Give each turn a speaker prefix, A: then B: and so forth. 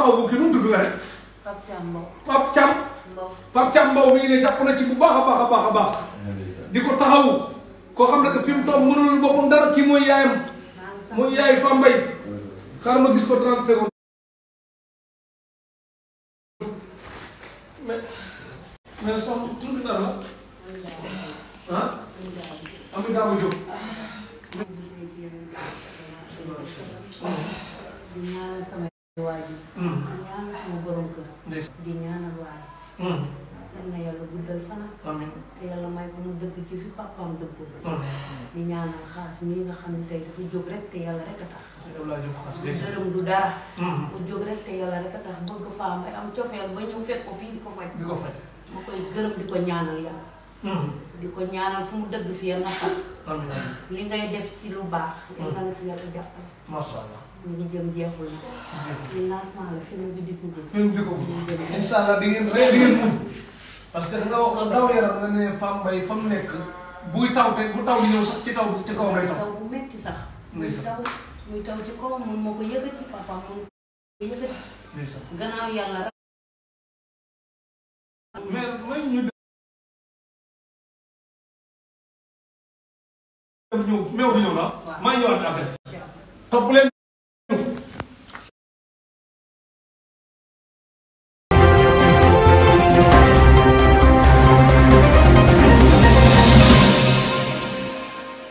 A: taxaw bu kii nu mu tudd la rek. Pape Thiam Mbow. Pape Thiam. Mbow ci bu baax a baax a di ko
B: taxawu. ko xam ne que fi mu toog mënul boppam dara kii mooy yaayam. mooy yaay Fambaye. xaaral ma gis ko 30 secondes. mais mais soxna tur bi dara ah. ah.
A: Amady waa ji di ñaanal sama borom kër di ñaanal waaye yal na yàlla guddal fanam te yàlla may ko mu dëgg ci fi papaam dëggul di ñaanal xaas mii nga xam ne dafa jóg rek te yàlla rek a tax dërëm du dara mu jóg rek te yàlla rek a tax bëgg faam bay am cofeel ba ñëw fekk fii di ko faj di ko faj ma koy gërëm di ko ñaanal yàlla Hmm. di ko ñaanal fu mu dëgg fi yal na ngay def ci lu baax. Hmm. yal na la ci yàlla jàppale. macha jëm jeexul na. Hmm. film bi di ko gudd. film di ko gudd incha allah di ngeen rëy di que da nga daw yaram nga ne Fane Mbaye fa nekk. buy taw te bu taw bi ñëw sax ci taw ci kaw lay taw. taw bu métti sax. muy taw ci
B: kawam moom moo ko yëkkati papa moom moo ko yëkkati. gannaaw ñëw ah. maa ngi ñëwaat après topp